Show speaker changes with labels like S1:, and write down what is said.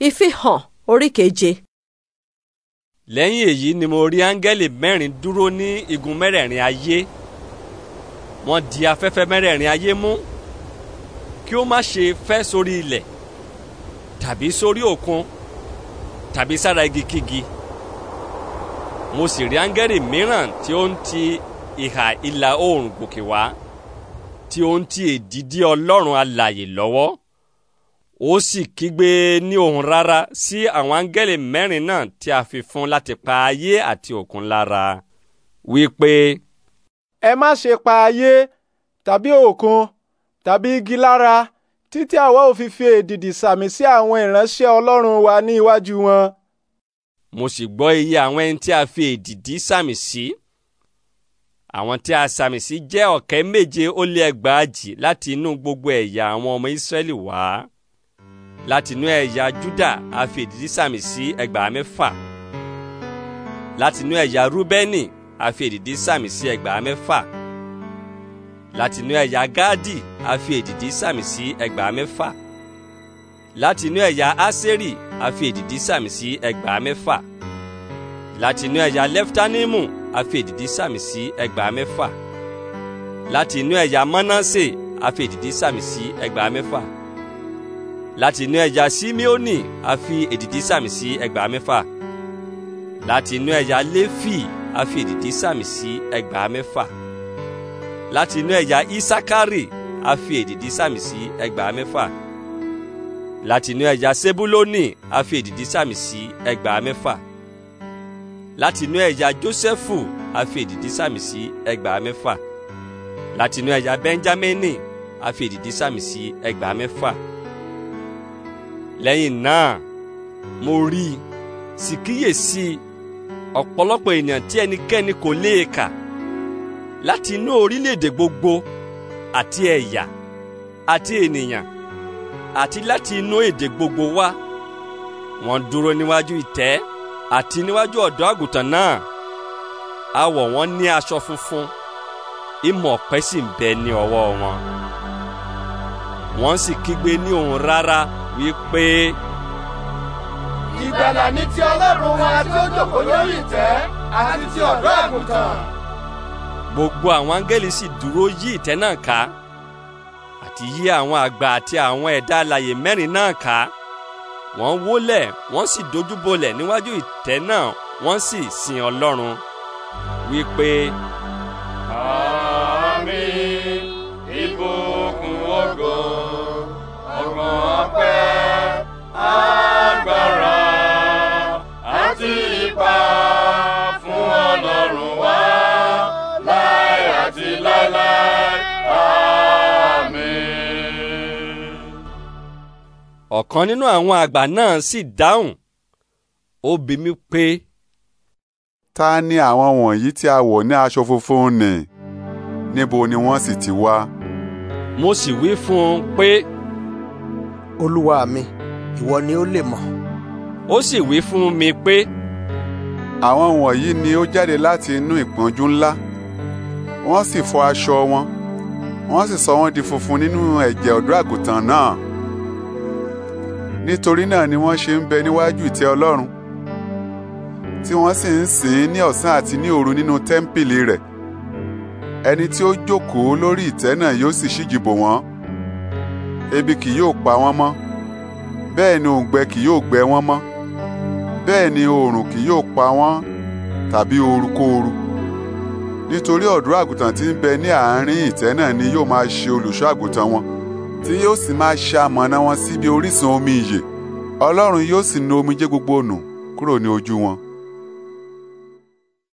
S1: ìfihàn orí keje. lẹ́yìn èyí ni mo rí áńgẹ́lì mẹ́rin dúró ní igun mẹ́rẹ̀ẹ̀rin ayé wọ́n di afẹ́fẹ́ mẹ́rẹ̀ẹ̀rin ayé mú kí ó má ṣe fẹ́ sórí ilẹ̀ tàbí sórí òkun tàbí sára igikígi mo sì rí áńgẹ́lì mìíràn tí ó ń ti ìhà ìlà oòrùn gòkè wá tí ó ń ti èdìdí ọlọ́run alààyè lọ́wọ́ ó sì kígbe ní ohùn rárá sí àwọn áńgẹ́lì mẹ́rin náà tí a fi fún láti pa ayé àti òkun lára wípé.
S2: ẹ má ṣe pa ayé tàbí òkun tàbí igi lára títí àwa ò fi fi èdìdì sàmì sí àwọn ìránṣẹ́ ọlọ́run wa ní iwájú wọn.
S1: mo sì gbọ́ iye àwọn ẹni tí a fi èdìdì sàmì sí. àwọn tí a sàmì sí jẹ́ ọ̀kẹ́ méje ó lé ẹgbàájì láti inú gbogbo ẹ̀yà àwọn ọmọ ìsírẹ́lì wá látinú ẹ̀yà Júdà a fi èdìdì sàmì sí ẹgbàá mẹ́fà látinú ẹ̀yà Rúbẹ́nì a fi èdìdì sàmì sí ẹgbàá mẹ́fà látinú ẹ̀yà Gáàdì a fi èdìdì sàmì sí ẹgbàá mẹ́fà látinú ẹ̀yà Ásérì a fi èdìdì sàmì sí ẹgbàá mẹ́fà látinú ẹ̀yà Lẹ́ftánímù a fi èdìdì sàmì sí ẹgbàá mẹ́fà látinú ẹ̀yà Mánásè a fi èdìdì sàmì sí ẹgbàá mẹ́fà láti inú ẹ̀yà simeoni a fi èdìdí sàmì sí ẹgbàá mẹ́fà láti inú ẹ̀yà léfì a fi èdìdí sàmì sí ẹgbàá mẹ́fà láti inú ẹ̀yà isakari a fi èdìdí sàmì sí ẹgbàá mẹ́fà láti inú ẹ̀yà sebuloni a fi èdìdí sàmì sí ẹgbàá mẹ́fà láti inú ẹ̀yà jósẹ́fù a fi èdìdí sàmì sí ẹgbàá mẹ́fà láti inú ẹ̀yà bẹ́ńjámínì a fi èdìdí sàmì sí ẹgbàá mẹ́fà. lẹ́yìn náà mo rí i sì kíyèsí ọ̀pọ̀lọpọ̀ ènìyàn tí ẹnikẹ́ni kò lè kà láti inú orílẹ̀-èdè gbogbo àti ẹ̀yà àti ènìyàn àti láti inú èdè gbogbo wá wọ́n dúró níwájú ìtẹ́ àti níwájú ọ̀dọ́ àgùntàn náà àwọ̀ wọn ní aṣọ funfun ìmọ̀ ọ̀pẹ sì ń bẹ ní ọwọ́ wọn. wọ́n sì kígbe ní òun rárá wípé.
S2: ìgbàlà ni ti ọlọ́run wa tí ó jókòó lórí ìtẹ́ àti ti ọ̀dọ́ àgùntàn.
S1: gbogbo àwọn áńgẹ́lì sì dúró yí ìtẹ́ náà ká àti yí àwọn àgbà àti àwọn ẹ̀dá alàyè mẹ́rin náà ká wọ́n wólẹ̀ wọ́n sì dojúbolẹ̀ níwájú ìtẹ́ náà wọ́n sì sin ọlọ́run wípé. Ah. ọ̀kan nínú àwọn àgbà náà sì dáhùn ó bi mí pé.
S2: ta ni àwọn wọ̀nyí tí a wọ̀ ní aṣọ funfun nì níbo ni wọ́n sì ti wá.
S1: mo sì wí fún un pé. olúwa mi ìwọ ni ó
S2: lè mọ̀. ó sì wí fún mi pé. àwọn wọ̀nyí ni ó jáde láti inú ìpọ́njú ńlá wọ́n sì fọ aṣọ wọn wọ́n sì sọ wọ́n di funfun nínú ẹ̀jẹ̀ ọ̀dọ́ àgùntàn náà nítorí náà ni wọ́n ṣe ń bẹ níwájú ìtẹ́ Ọlọ́run tí wọ́n sì ń sìn ín ní ọ̀sán àti ní òru nínú tẹ́ḿpìlì rẹ̀ ẹni tí ó jókòó lórí ìtẹ́ náà yóò sì ṣíji bò wọ́n ebi kì yóò pa wọ́n mọ́ bẹ́ẹ̀ ni òǹgbẹ kì yóò gbẹ wọ́n mọ́ bẹ́ẹ̀ ni oòrùn kì yóò pa wọ́n tàbí orukóoru nítorí ọ̀dọ́ àgùntàn tí ń bẹ ní àárín ìtẹ́ náà ni yóò máa ṣe olùṣọ́ àgùntàn wọn tí yóò sì máa ṣe amọ̀nà wọn síbi orísun omi ìyè ọlọ́run yóò sì nu omijé gbogbo nù kúrò ní ojú wọn